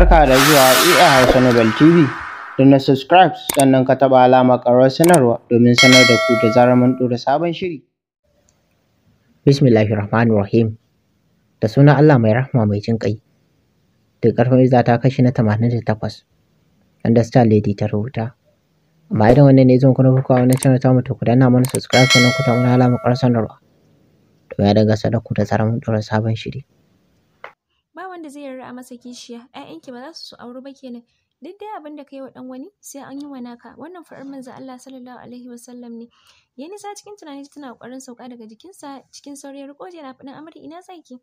Barka da zuwa EA Hausa Nobel TV. Da na subscribe sannan ka taɓa alama ƙarar sanarwa domin sanar da ku da zarar mun ɗora sabon shiri. Bismillahir Rahmanir Rahim. Da sunan Allah mai rahma mai jin ƙai. Da karfin izza ta kashi na 88. Wanda Star Lady ta rubuta. Amma idan wannan ne zan kuna bukawa wannan channel ta mu ta ku mana subscribe sannan ku ta mana alama ƙarar sanarwa. Domin ya daga sadar ku da zarar mun dora sabon shiri. zai rara masa kishiya ‘ya'yanki ba za su auri ba kenan duk dai abin da yi wa dan wani sai an yi wa naka wannan faɗar manzo Allah sallallahu alaihi wasallam ne ya nisa cikin tunani tana ƙoƙarin sauka daga jikinsa cikin sauri riko yana faɗin amri ina tsaki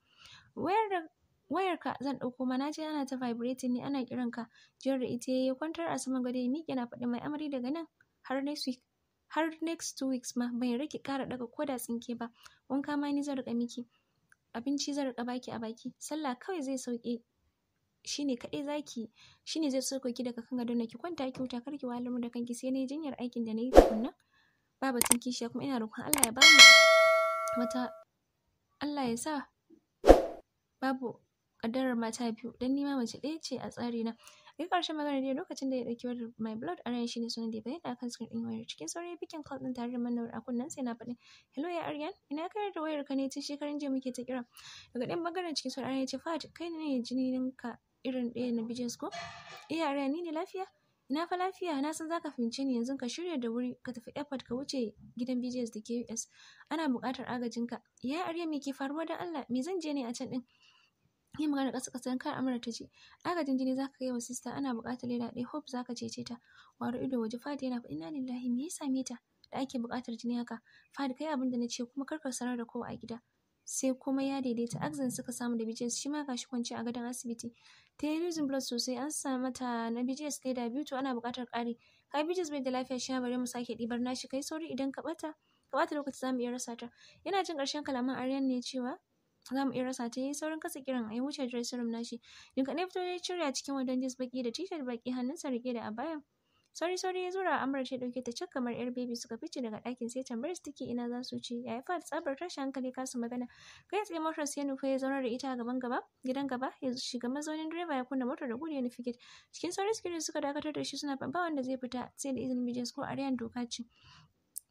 wayar wayarka zan ɗauko ma na je ana ta vibrating ne ana kiran ka jiyar da ita ya kwantar a saman gado ya miƙe na faɗin mai amri daga nan har next week har next two weeks ma bai rike ƙara daga koda tsinke ba wanka ma ni zan riƙa miki abinci zai riƙa baki a baki sallah kawai zai sauke shi ne kaɗai shi ne zai sauko ki daga kan gadon ki kwanta ki huta ki wahalar mu da kanki sai yi jinyar aikin da na yi tukunna ba batun kishiya kuma ina roƙon Allah ya bamu wata Allah ya sa babu ƙaddarar mata biyu don nima mace ɗaya ce a tsari na daga ƙarshen magana dai lokacin da ya ɗauki wayar my blood a ran shi ne sunan da ya bayyana akan ɗin wayar cikin sauri bikin call ɗin tare da manowar a kunnen sai na faɗi hello ya aryan ina kayar da wayar ka ne tun shekaran jiya muke ta kira daga ɗayan maganar cikin sauri aryan ya ce fat kai ne ka irin ɗaya na bijin ko iya aryan ni ne lafiya Ina fa lafiya, na san zaka fahimce ni yanzu ka shirya da wuri ka tafi airport ka wuce gidan BJS da KUS. Ana buƙatar agajinka. Ya Arya me ke faruwa da Allah? Me zan je ne a can din? yin magana ƙasa ƙasa kar amurka ta ce agajin jini zaka kai wa sista ana buƙatar leda ɗaya hope ka cece ta waro ido waje fadi yana fa na lillahi me ya same ta da ake buƙatar jini haka fadi kai abin da na ce kuma kar ka sanar da kowa a gida sai kuma ya daidaita axon suka samu da bgs shi ma gashi kwanci a gadon asibiti ta yi blood sosai an samu mata na bgs leda biyu to ana buƙatar ƙari kai bgs bai da lafiya shi bari mu sake ɗibar nashi kai sauri idan ka ɓata ka ɓata lokaci za mu iya rasa ta yana jin ƙarshen kalaman aryan ne cewa za mu iya rasa ta yi saurin kasa kiran a ya wuce dressing room nashi din ne fito cire cirya cikin wandon jeans baki da t-shirt hannun hannunsa rike da abaya sauri sauri ya zura amara ta dauke ta cak kamar yar baby suka fice daga ɗakin sai tambayar su take ina za su ci Ya yi fata tsabar tashi, hankali kasu magana kai tsaye motar sai nufa ya zauna da ita gaban gaba gidan gaba ya shiga mazaunin direba ya kunna motar da gudu ya nufi cikin sauri security suka dakatar da shi suna ban wanda zai fita sai da izinin mijin ko ariyan doka ce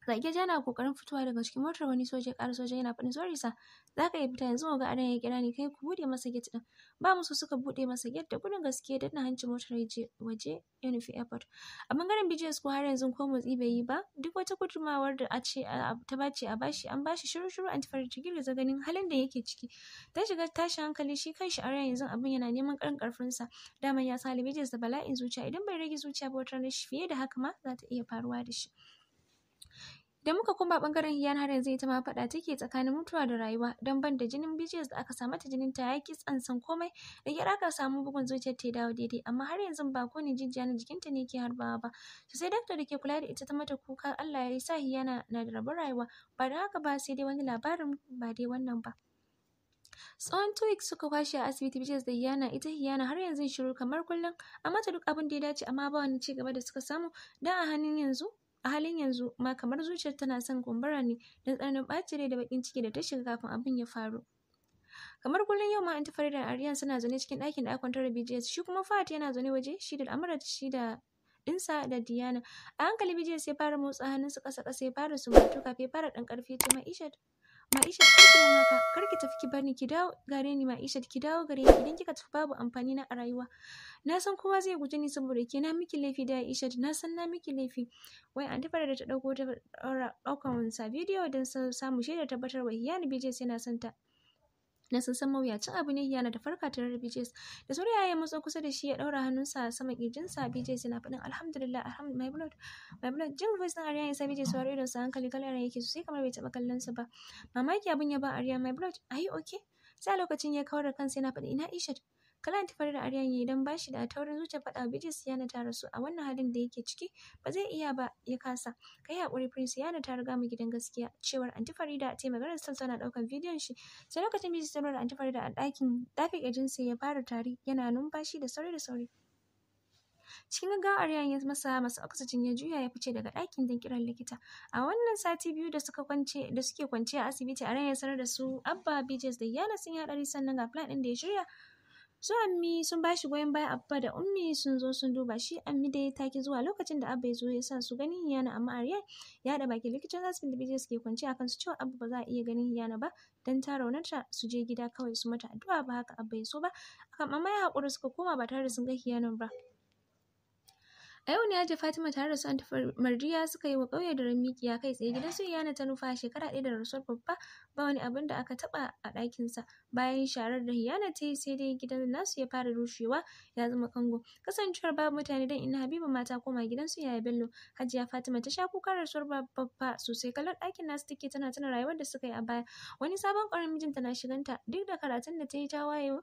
Rakeja na kokarin fitowa daga cikin motar wani soja ƙara soja yana faɗin sorry sa za ka iya fita yanzu ga adan ya kira ni kai ku buɗe masa gate din Ba musu suka buɗe masa gate da gudun gaske da na hanci motar je waje ya nufi airport. A bangaren BJS ko har yanzu ko motsi bai yi ba duk wata gudumawar da a ce ta bace a bashi an bashi shiru shiru an tafar ta girgiza ganin halin da yake ciki. Ta shiga tashi hankali shi shi ara yanzu abin yana neman ƙarin sa Daman ya sa BJS da bala'in zuciya idan bai rage zuciya ba wata shi fiye da haka ma za ta iya faruwa da shi. Da muka koma bangaren Hiyan har yanzu ta ma fada take tsakanin mutuwa da rayuwa don ban da jinin BGS da aka samu ta jinin ta ya ki tsansan komai da kyar aka samu bugun zuciyar ta dawo daidai amma har yanzu ba ko ne jijiya na jikinta ne ke harbawa ba. To sai dakta da ke kula da ita ta mata kuka Allah ya sa Hiyana na da rabon rayuwa ba da haka ba sai dai wani labarin ba dai wannan ba. Tsawon 2 weeks suka kwashe a asibiti Bishiyar da Hiyana ita Hiyana har yanzu shiru kamar kullum amma ta duk abin da ya dace amma ba wani cigaba da suka samu da a hannun yanzu a halin yanzu ma kamar zuciyar tana son kumbura ne don tsananin ɓaci rai da bakin ciki da ta shiga kafin abin ya faru kamar kullum yau ma anti Farida da Aryan suna zaune cikin ɗakin da aka kwantar BJS shi kuma fat yana zaune waje shi da al'amuran shi da ɗinsa da Diana a hankali BJS ya fara motsa hannunsa ƙasa ƙasa ya fara sumbatu kafin ya fara ɗan ƙarfi ta Ma'ishat maisha kar ki mun haka, kar ki tafi ki bani ki dawo gare ni maisha ki dawo gare ni idan kika tafi babu amfani na a rayuwa. Na san kowa zai guje ni saboda ke na miki laifi da Aishat, na san na miki laifi. Wai an tafara da ta dauko ta daukan sa bidiyo don samu shaidar tabbatar wa Hiyani BJ sai na santa. na mawuya cin abu ne yana da farka tare da BJS da sauri ya matso kusa da shi ya daura hannunsa sama kirjinsa BJS yana faɗin alhamdulillah alhamdulillah my blood my blood jin voice din Arya ya sa BJS waro idon su hankali kalara yake sosai kamar bai taɓa kallon sa ba mamaki abin ya ba Arya my blood ayi okay sai a lokacin ya kawar da kansa yana faɗin ina Ishat Kalan tufar da Aryan ya idan bashi da taurin zuciya faɗa Bilkis Yana ta rasu a wannan halin da yake ciki ba zai iya ba ya kasa. Kai haƙuri Prince Yana ta riga mu gidan gaskiya cewar Anti Farida ta magana Sal tana ɗaukan bidiyon shi. Sai lokacin Bilkis ta nuna Anti Farida a ɗakin dafi ya fara tari yana numfashi da sauri da sauri. cikin gaggawa Aryan ya masa masa oxygen ya juya ya fice daga dakin don kiran likita. A wannan sati biyu da suka kwance da suke kwance a asibiti Aryan ya sanar da su Abba Bijes da Yana sun yi haɗari sannan ga plan ɗin da ya shirya su ammi sun bashi goyon baya abba da ummi sun zo sun duba shi ammi dai ta ki zuwa lokacin da abba ya zo ya sa su ganin hiyana amma arya ya da baki likitan asibitin da bijiyar suke kwanci kan su cewa abba ba za a iya ganin hiyana ba dan ta raunata su je gida kawai su mata addu'a ba haka abba ya so ba amma ya haƙura suka koma ba tare da sun ga hiyanan ba. A yau ne Hajiya Fatima tare da su Anti Mardiya suka yi wa ƙauye da Ramikiya kai tsaye gidan su Iyana ta nufa shekara ɗaya da rasuwar babba ba wani abin da aka taɓa a ɗakinsa. Bayan sharar da hiyana ta yi sai dai gidan nasu ya fara rushewa ya zama kango. Kasancewar babu mutane dan ina Habiba mata koma gidan su Yaya Bello. Hajiya Fatima ta sha kukan rasuwar babba sosai kallon ɗakin nasu take tana tana rayuwar da suka yi a baya. Wani sabon ƙwarin mijinta na shiganta duk da karatun da ta yi ta waye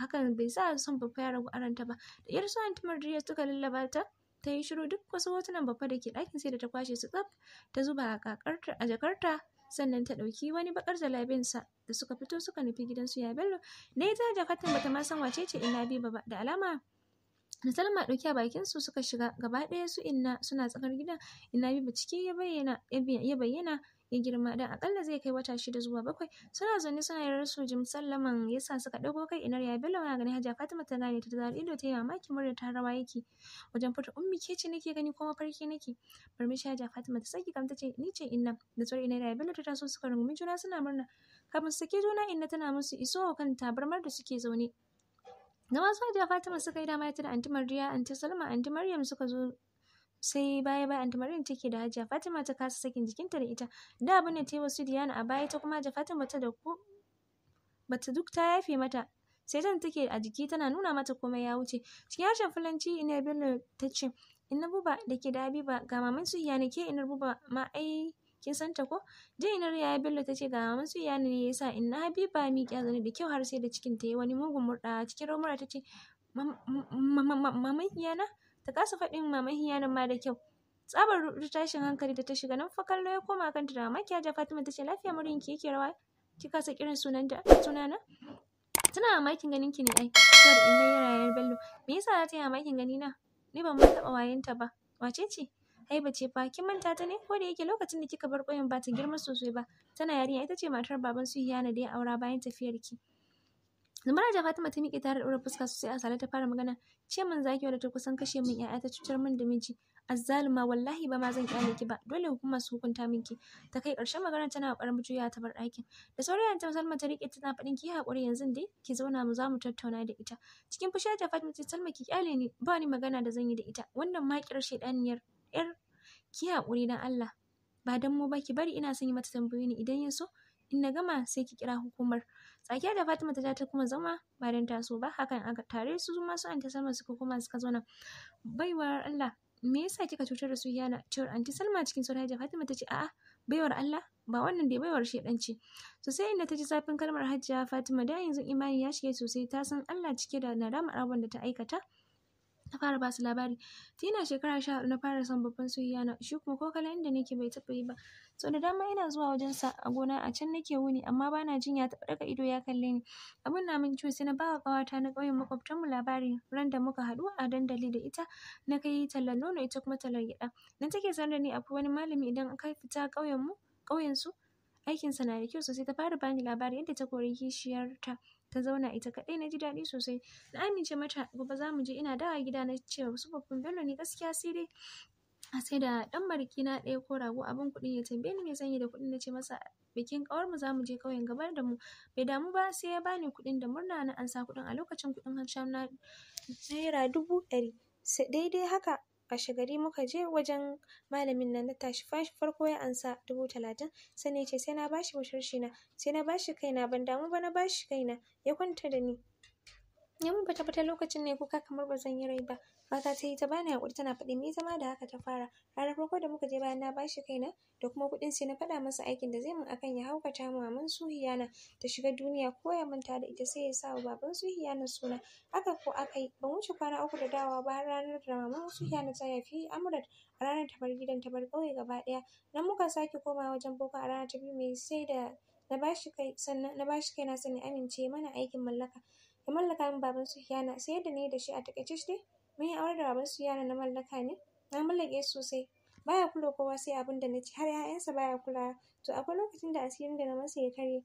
hakan bai sa son babba ya ragu aranta ba. Da 'yar su Anti suka lallaba ta ta yi shiru duk wasu hotunan babba da ke ɗakin sai da ta kwashe su tsaf ta zuba a jakarta sannan ta ɗauki wani bakar jalabinsa da suka fito suka nufi gidansu ya bello da ita jakartan bata ma san wace ce ina bi ba da alama da salma ɗauki a bakin su suka shiga gaba ɗaya su inna suna tsakar gidan ina ba ciki ya bayyana ya bayyana ya girma dan akalla zai kai wata shida zuwa bakwai suna zaune suna yarar rasu jim sallaman yasa suka dago kai inar ya bello ya gani hajiya fatima ta gane ta zaro ido ta yi mamaki murna ta rawa yake wajen fita ummi ke ce nake gani kuma farki nake barmishi hajiya fatima ta saki kam ce ni ce inna da tsori inar ya bello ta taso suka rungumi juna suna murna kafin su ke juna inna tana musu iso kan tabarmar da suke zaune na wasu Hajiya Fatima suka yi dama ta da Anti Mariya, Anti Salma, Anti Maryam suka zo sai baya baya anti Maryam take da Hajiya Fatima ta kasa sakin jikinta da ita da abin da ta su diyana a baya ta kuma Hajiya Fatima ta da ku bata duk ta yafe mata sai ta take a jiki tana nuna mata komai ya wuce cikin harshen fulanci ina Bello ta ce ina buba da ke da Habiba ga maman su iya ke inar buba ma ai kin san ta ko jin inar ya Bello ta ce ga maman su iya ne yasa ina Habiba mi kya zane da kyau har sai da cikin ta yi wani mugun murda cikin romura ta ce maman iyana ta kasa faɗin mama hiyarin ma da kyau tsabar rudu tashin hankali da ta shiga nan fa kallo ya koma kanta da mamaki kiyaje fatima ta ce lafiya murin ki yake rawa ki kasa kiran sunan da sunana tana mamakin ganin ki ne ai sar inna yarayar bello me yasa za ta yi mamakin gani na ni ban ma taɓa wayenta ba wace ce ai ce fa kin manta ta ne ko da yake lokacin da kika bar koyon ba ta girma sosai ba tana yarinya ita ce matar baban su Hiyana da ya aura bayan tafiyar ki Zumara da Fatima ta miƙe tare da ɗora fuska sosai a sale ta fara magana. Ce min zaki wadda ta kusan kashe min ƴaƴa ta cutar min da miji. Azzaluma wallahi ba ma zan kyale ki ba. Dole hukuma su hukunta miki Ta kai ƙarshen magana tana ƙoƙarin juya ta bar ɗakin. Da saurayin ta Salma ta riƙe tana faɗin ki haƙuri yanzu dai ki zauna mu za mu tattauna da ita. Cikin fushi ta Fatima ce Salma ki kyale ni ba ni magana da zan yi da ita. Wannan maƙirar shaidaniyar ƴar ki haƙuri dan Allah. Ba dan mu ba ki bari ina son yi mata tambayoyi ne idan yin so in na gama sai ki kira hukumar tsakiya da Fatima ta ta kuma zama ba dan taso ba hakan aka tare su zuma su anti Salma suka kuma suka zauna baiwar Allah me yasa kika cutar da su yana cewar anti Salma cikin sauri da Fatima ta ce a'a baiwar Allah ba wannan da baiwar shi dan ce so sai inda ta ji zafin kalmar hajjiya Fatima da yanzu imani ya shige sosai ta san Allah cike da nadama abin da ta aikata na fara basu su labari tun shekara sha hudu na fara son babban soyayya na shi kuma ko kallon inda nake bai taba yi ba sau da dama ina zuwa wajen sa a gona a can nake wuni amma bana jin ya taɓa daga ido ya kalle ni abun na min ciwo sai na bawa kawata na ƙauyen makwabtanmu labarin, ran da muka haɗu a dandali da ita na kai tallar nono ita kuma tallar gyaɗa na take sanar da ni akwai wani malami idan aka fita ƙauyen mu ƙauyen su aikin sa na da kyau sosai ta fara bani labari yadda ta kori kishiyarta ta zauna ita kaɗai na ji daɗi sosai na amince mata gobe za mu je ina dawa gida na ce su babban bello ne gaskiya sai dai a sai da ɗan marki na ɗaya ko rago abin kuɗi ya tambaye ni me zan yi da kuɗin na ce masa bikin ƙawarmu za mu je ƙauyen gabar da mu bai damu ba sai ya bani kuɗin da murna na ansa kuɗin a lokacin kuɗin hansham na naira dubu ɗari daidai haka washe gari muka je wajen malamin nan na tashi fashi farko ya ansa dubu talatin sani ce sai na bashi bushar na sai na bashi kaina ban damu ba na bashi kaina ya kwanta da ni ya mun bata bata lokacin ne kuka kamar ba zan yi rai ba mata ta yi ta bani hakuri tana faɗi me zama da haka ta fara ranar farko da muka je bayan na bashi kaina da kuma kuɗin sai na faɗa masa aikin da zai mun akan ya haukata a su hiyana ta shiga duniya ko ya manta da ita sai ya sa wa baban su hiyana suna haka ko aka yi ban wuce kwana uku da dawowa ba har ranar da maman su hiyana ta yafi amurat a ranar ta bar gidan ta bar ƙauye gaba ɗaya nan muka sake komawa wajen boko a rana ta biyu mai sai da na bashi kai sannan na bashi kaina sannan amince mana aikin mallaka da mallaka min baban Sufiyana sai yadda ni da shi a takaice shi dai mun yi aure da baban su Sufiyana na mallaka ne na mallake sosai baya kula kowa sai abin da na ci har sa baya kula to akwai lokacin da asirin da na masa ya karye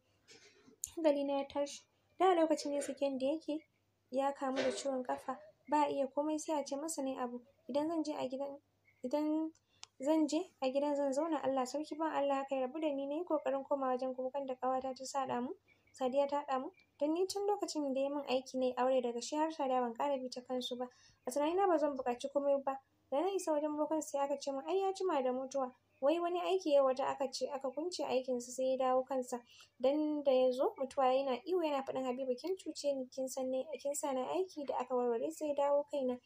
hankali na ya tashi da lokacin ne siken da yake ya kamu da ciwon kafa ba iya komai sai a ce masa ne abu idan zan je a gidan idan zan je a gidan zan zauna Allah sarki ban Allah haka ya rabu da ni na yi kokarin komawa wajen kukan da ƙawata ta saɗa mu Sadiya ta haɗa mu. Don ni tun lokacin da ya min aiki ne aure daga shi har Sadiya ban ƙara bi ta kansu ba. A tunanina ba zan buƙaci komai ba. Da na isa wajen bokan sai aka ce min ai ya jima da mutuwa. Wai wani aiki ya wata aka ce aka kunce aikinsa sai ya dawo kansa. Dan da ya zo mutuwa yana iwo yana faɗin habibu kin cuce ni kin san ne kin sa na aiki da aka warware sai ya dawo kaina.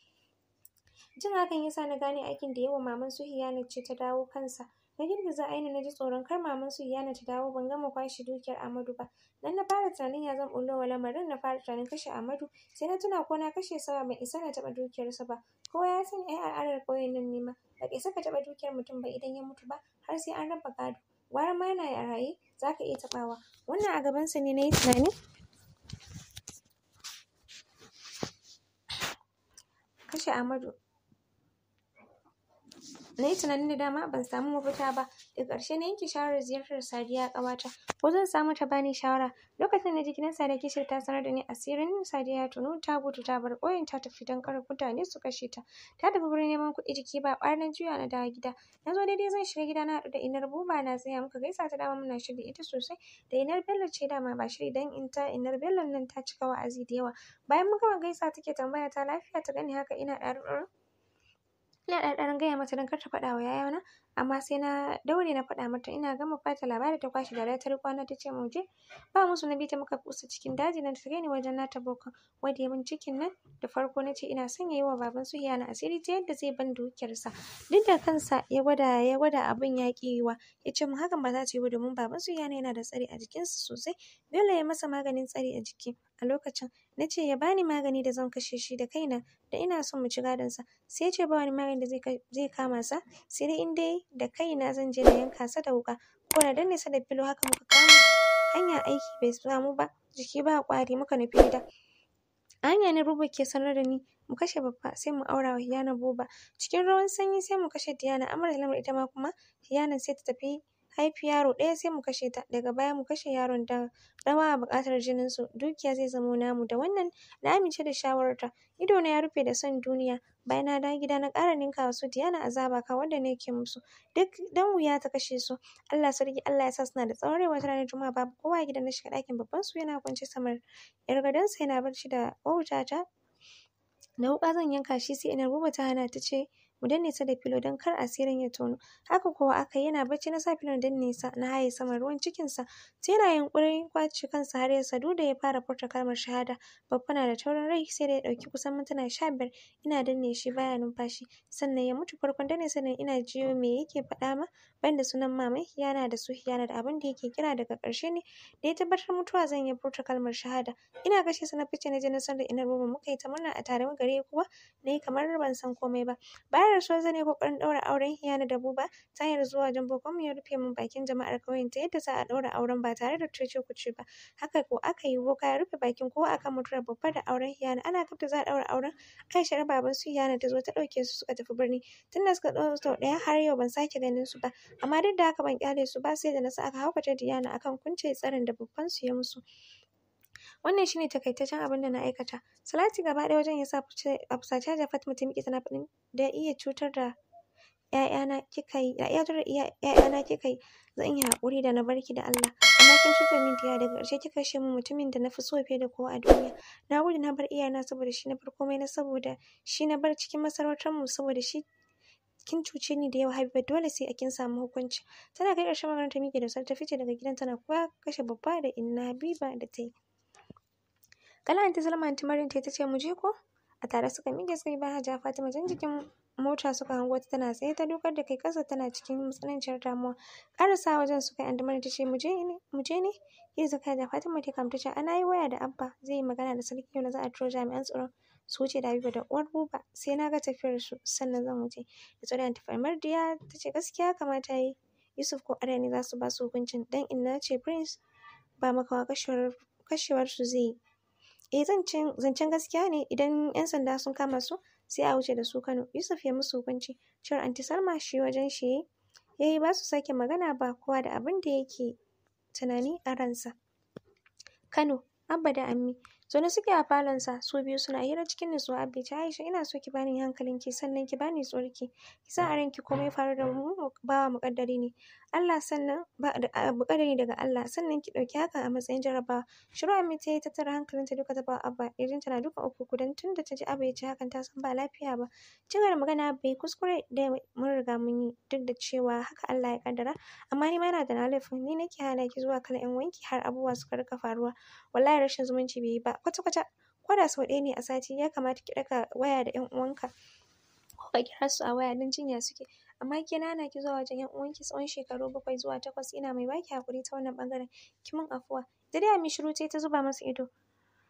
Jin hakan sa na gane aikin da yawan maman su Hiyana ce ta dawo kansa. Na girgiza aina na ji tsoron kar maman su yana ta dawo ban gama kwashe dukiyar Amadu ba. Dan na fara tunanin ya zan bullo wa lamarin na fara tunanin kashe Amadu sai na tuna ko na kashe sa ban isa na taɓa dukiyarsa ba. Kowa ya san ai al'adar ƙauyen nan ne ma ba isa ka taɓa dukiyar mutum ba idan ya mutu ba har sai an raba gado. Gwara ma yana a raye za ka iya tabawa Wannan a gaban sa ne na yi tunani. Kashe Amadu na yi tunanin da dama ban samu mafita ba Da ƙarshe na yanke shawarar ziyartar sadiya ƙawata ko zan samu ta bani shawara lokacin da jikin sadiya kishir ta sanar da ni asirin sadiya ya tunu ta gudu ta bar ƙoyin ta tafi don kar mutane su kashe ta ta tafi wurin neman kuɗi jiki ba ƙwarin na juya na dawo gida na zo daidai zan shiga gida na haɗu da inar buba na tsaya muka gaisa ta dama muna shirya ita sosai da inar bello ce dama ba shiri dan in ta inar bello nan ta cika wa'azi da yawa bayan mun gama gaisa take tambaya ta lafiya ta gani haka ina ɗaruɗar ina ɗanɗanon gaya mata don kar ta faɗa wa yayana amma sai na daure na faɗa mata ina gama fata labari ta kwashe dariya ta riko ta ce muje? ba musu na ta muka kusa cikin daji nan ta ne wajen nata bokan wanda ya min cikin nan da farko na ce ina son ya yi wa baban su hiyana asiri ta yadda zai ban dukiyarsa duk da kansa ya gwada ya gwada abin ya ƙi ce mu hakan ba za ta yi ba domin baban su hiyana yana da tsari a jikinsa sosai dole ya masa maganin tsari a jiki a lokacin na ce ya bani magani da zan kashe shi da kaina da ina son mu ci gadon sa sai ya ce ba wani magani da zai kama sa sai dai in dai da kaina zan je na yanka sa da wuka ko na danne sa da filo haka muka kama hanya aiki bai samu ba jiki ba kwari muka nufi gida a hanya ne Robert ke sanar da ni mu kashe babba sai mu aura wa Hiyana boba cikin ruwan sanyi sai mu kashe Diana Amara da Lamar ita ma kuma Hiyana sai ta tafi haifi yaro ɗaya sai mu kashe ta daga baya mu kashe yaron da a buƙatar jinin su dukiya zai zamo namu da wannan na amince da shawararta ido na ya rufe da son duniya bayan na dawo gida na ƙara ninkawa su diyana azaba ka wanda nake musu duk dan wuya ta kashe su Allah sarki Allah ya sa suna da tsawon rai wata ranar juma'a babu kowa gidan na shiga ɗakin babban su yana kwance samar yar gadonsa yana barci da wauta na wuƙa zan yanka shi sai inar ruba ta hana ta ce mu danne da filo don kar asirin ya tono haka kuwa aka yana bacci na sa filon dan nisa na haye sama ruwan cikin sa sai yana yunkurin kwace kansa har ya sadu da ya fara furta kalmar shahada babba na da taurin rai sai da ya dauki kusan mintuna sha biyar ina danne shi baya numfashi sannan ya mutu farkon danne ne ina jiyo me yake faɗa ma banda sunan mamai yana da su yana da abin da yake kira daga karshe ne da ya tabbatar mutuwa zan yi furta kalmar shahada ina gashi sana fice na je na sanar da ina ruwa muka yi ta murna a tare gare kuwa ne kamar ban san komai ba Bayan rasuwar zan yi kokarin ɗaura auren Hiyana da Buba ta hanyar zuwa wajen mu ya rufe min bakin jama'ar ƙauyen ta yadda za a ɗaura auren ba tare da cece-kuce ba. Haka ko aka yi boka ya rufe bakin kowa akan mutuwar babba da auren Hiyana. Ana kaf da za a ɗaura auren Aisha baban su Hiyana ta zo ta ɗauke su suka tafi birni. Tun da suka ɗau sau ɗaya har yau ban sake ganin su ba. Amma duk da haka ban ƙyale su ba sai da na sa aka haukata Diyana akan kunce tsarin da babban su ya musu. Wannan shine takaitaccen abin da na aikata. Salati gaba ɗaya wajen ya sa a fusace Hajiya Fatima ta miƙe tana faɗin da iya cutar da ‘ya'yana kika yi, da iya ‘ya'yana kika yi, zan yi haƙuri da na barki da Allah. Amma kin cutar min da daga ƙarshe kika kashe min mutumin da na fi so fiye da kowa a duniya. Na gudu na bar iyana saboda shi na bar komai na saboda shi na bar cikin masarautar mu saboda shi kin cuce ni da yawa Habiba dole sai a kin samu hukunci. Tana kai ƙarshen maganar ta miƙe da ta fice daga gidan tana kuwa kashe babba da inna Habiba da ta yi. kala ta Salma anti Maryam ta ce mu je ko a tare suka miƙe suka yi bayan Hajiya Fatima jan jikin mota suka hango ta tana tsaye ta dukar da kai kasa tana cikin matsananciyar damuwa karasa wajen suka yi andamar ta ce mu ne mu ne zaka da fatima ta kamta ce ana yi waya da abba zai yi magana da sarki yau na za a turo jami'an tsaron su wuce da habiba da uwar buba sai na ga tafiyar su sannan zan wuce da tsoron ta farmar diya ta ce gaskiya kamata yi yusuf ko ada ne za su ba su hukuncin dan inna ce prince ba makawa kashewar kashewar su zai yi eh zancen gaskiya ne idan yan sanda sun kama su sai a wuce da su Kano Yusuf ya musu hukunci cewar anti Salma shi wajen shi yayi ba su sake magana ba kowa da abin da yake tunani a ransa Kano Abba da Ammi zaune suke a falon sa su biyu suna hira cikin nutsuwa Abba ta Aisha ina so ki bani hankalinki, sannan ki bani tsorki ki sa a ranki komai faru da mu bawa muƙaddari ne Allah sannan ba kadari daga Allah sannan ki dauki haka a matsayin jarabawa shiru mita ta yi ta tara hankalinta duka ta ba Abba irin tana duka uku kudan tunda ta ji abu ya ci hakan ta san ba lafiya ba cigar magana bai kuskure da mun riga mun yi duk da cewa haka Allah ya kaddara amma ni ma yana da na ni nake hana ki zuwa kallon yan wanki har abubuwa suka rika faruwa wallahi rashin zumunci bai yi ba kwata kwata ko sau ɗaya ne a sati ya kamata ki ɗaga waya da yan uwanka ko ka kira su a waya don jinya suke amma ke na hana ki zuwa wajen ƴan uwanki tsawon shekaru bakwai zuwa takwas ina mai baki haƙuri ta wannan ɓangaren ki min afuwa dariya mai shiru tayi ta zuba masa ido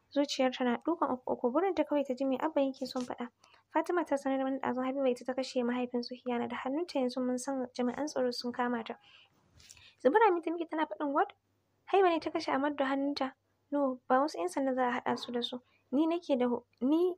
zuciyarta na dukan uku uku ta kawai ta ji me abba yake son faɗa Fatima ta sanar mana ɗazu Habiba ita ta kashe mahaifin Hiyana da hannunta yanzu mun san jami'an tsaro sun kama ta Zubura mita miki tana faɗin what Haiba ne ta kashe amadu da hannunta no ba wasu 'yan sanda za a haɗa su da su ni nake da ni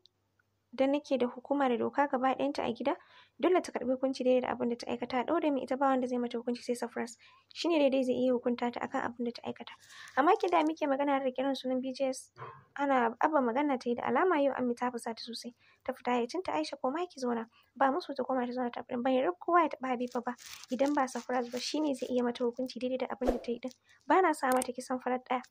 don nake da hukuma da doka gaba ɗayanta a gida dole ta karbi hukunci daidai da abin da ta aikata a ɗaure mai ita ba wanda zai mata hukunci sai Safras shine daidai zai iya hukunta ta akan abin da ta aikata amma ki da muke magana da kiran sunan BJS ana abba magana ta yi da alama yau an ta fusa ta sosai ta fita cinta Aisha ko ma ki zauna ba musu ta koma ta zauna ta ban yarda kowa ya taɓa Habiba ba idan ba Safras ba shi shine zai iya mata hukunci daidai da abin da ta yi din ba na sa mata kisan farat ɗaya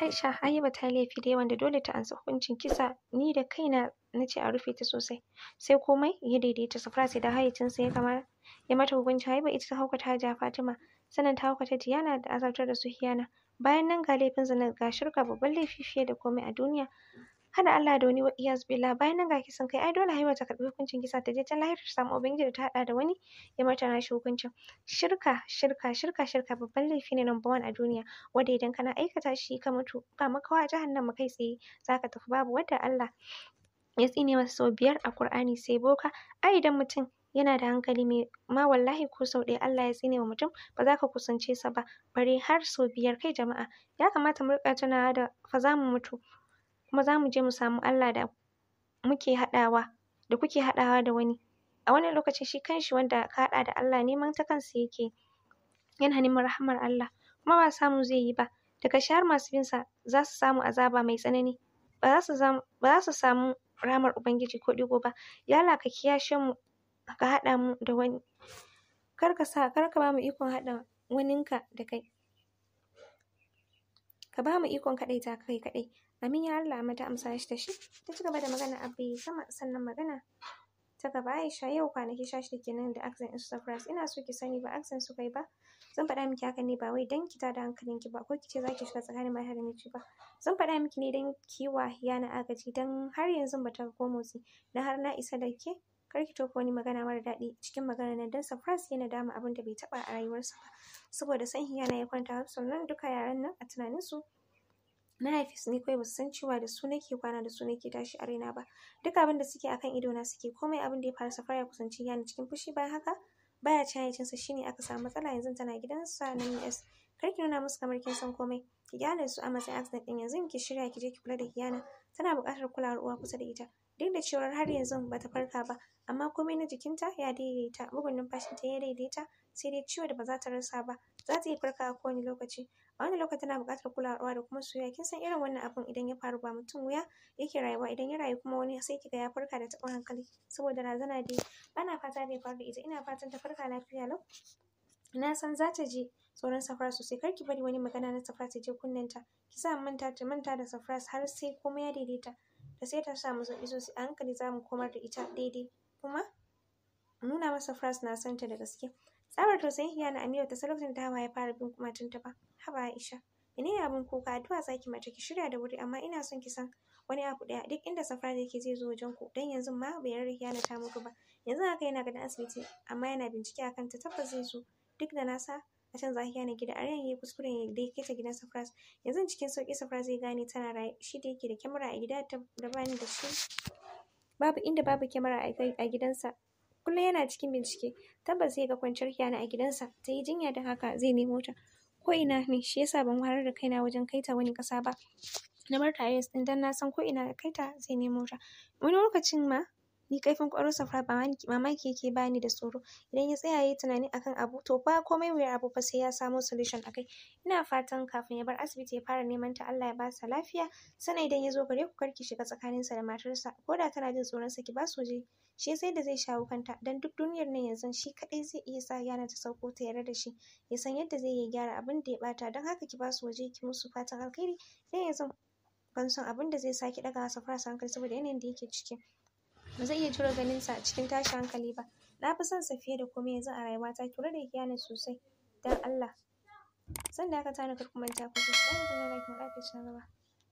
Aisha Ayuba ta laifi dai wanda dole ta ansa hukuncin kisa ni da kaina na ce a rufe ta sosai sai komai ya daidaita safra sai da hayyacinsa ya kama ya mata hukuncin haiba ita ta haukata ja Fatima sannan ta haukata Diyana da azabtar da su Hiyana bayan nan ga laifin zina ga shirka babban laifi fiye da komai a duniya hada Allah da wani zube billah bayan nan ga kisan kai ai dole haiwa ta karbi hukuncin kisa ta je can lahira ta samu ubangiji ta hada da wani ya mata nashi hukuncin shirka shirka shirka shirka babban laifi ne number one a duniya wanda idan kana aikata shi ka mutu ba makawa jahannama kai tsaye zaka tafi babu wadda Allah ya tsine masa sau biyar a Kur'ani sai boka ai idan mutum yana da hankali mai ma wallahi ko sau ɗaya Allah ya tsine wa mutum ba za ka kusance sa ba bare har sau biyar kai jama'a ya kamata mu rika tunawa da fa za mutu kuma za mu je mu samu Allah da muke haɗawa da kuke haɗawa da wani a wannan lokacin shi kanshi wanda ka haɗa da Allah neman ta kansa yake yana neman rahamar Allah kuma ba samu zai yi ba daga shahar masu bin sa za su samu azaba mai tsanani ba za su samu ramar Ubangiji ko ɗigo ba ya Allah ka kiyashe mu ka haɗa mu da wani kar ka sa kar ba mu ikon haɗa waninka da kai ka ba mu ikon kaɗai ta kai kaɗai Amin ya Allah mata amsa shi da shi ta ci gaba da magana a bai sama sannan magana ta gaba Aisha yau kwanaki sha shida kenan da accent su surprise ina so ki sani ba accent su kai ba zan faɗa miki haka ne ba wai dan ki tada hankalin ki ba ko ki ce ki shiga tsakanin mai da ba zan faɗa miki ne dan ki wa yana agaji dan har yanzu ba ta ko motsi na har na isa da ke kar ki tofa wani magana mara daɗi cikin magana nan dan surprise yana dama abin da bai taɓa a rayuwarsa ba saboda san hiyana ya kwanta hafsan nan duka yaran nan a tunaninsu na haifis su ne kawai ba san cewa da su nake kwana da su nake tashi a raina ba duk abin da suke akan ido na suke komai abin da ya fara safar ya kusanci yana cikin fushi bayan haka baya cin sa shine aka samu matsala yanzu tana gidansa na US kar ki nuna musu kamar kin san komai ki gyara su a matsayin accident din yanzu ki shirya ki je ki kula da kiyana tana buƙatar kulawar uwa kusa da ita duk da cewar har yanzu bata farka ba amma komai na jikinta ya daidaita bugun numfashinta ya daidaita sai dai ciwo da ba za ta rasa ba za ta iya farka a kowane lokaci a wani lokaci tana buƙatar kulawa da kuma soyayya kin san irin wannan abun idan ya faru ba mutum wuya yake rayuwa idan ya rayu kuma wani sai kiga ya farka da taɓin hankali saboda razana dai ana fata bai faru da ita ina fatan ta farka lafiya lau na san za ta je tsoron safara sosai kar ki bari wani magana na safara ta je kunnenta ki sa manta ta manta da safara har sai komai ya daidaita da sai ta samu sauƙi sosai a hankali za mu komar da ita daidai kuma nuna masa fras na santa da gaske tsabar tausayin hiya na amira ta sarrafa ta hawa ya fara bin kuma tun ta ba Haba Aisha, menene abin kuka addu'a zaki mace ki shirya da wuri amma ina son ki san wani abu daya duk inda safara yake zai zo wajen ku dan yanzu ma bai rarra na ta muku ba. Yanzu haka yana ganin asibiti amma yana bincike akan ta tabbas zai zo duk da nasa a can za zaki yana gida a yayi kuskuren ya dai kai ta gidan safara. yanzu cikin sauki safara zai gane tana raye shi da yake da kyamara a gida da bani da shi babu inda babu kyamara a gidansa kullum yana cikin bincike tabbas zai ga kwanciyar kyana a gidansa ta yi jinya da haka zai nemo ta ko ina ne shi yasa ban wahalar da kaina wajen kai ta wani ƙasa ba na bar ta ɗin dan na san ko ina da kaita zai nemo ta wani lokacin ma ni kaifin kwarinsa ba mamaki yake bani da tsoro idan ya tsaya yayi tunani akan abu to ba komai wuya abu fa sai ya samo solution akai ina fatan kafin ya bar asibiti ya fara neman ta Allah ya ba sa lafiya sannan idan ya zo gare ku karki shiga tsakanin sa da matarsa ko da tana jin tsoron sa ki ba su waje shi sai da zai shawo kanta dan duk duniyar nan yanzu shi kadai zai iya sa yana ta sauko ta yarda da shi ya san yadda zai yi gyara abin da ya bata dan haka ki ba su waje ki musu fatan alkhairi sai yanzu ban son abin da zai sake daga masa fara kai saboda yanayin da yake ciki ba zai iya tura ganin sa a cikin tashin hankali ba na fi son sa fiye da komai yanzu a rayuwa ta ki da kiyana sosai dan Allah san da aka tana kar ku manta ku subscribe da like mu ƙarfe na gaba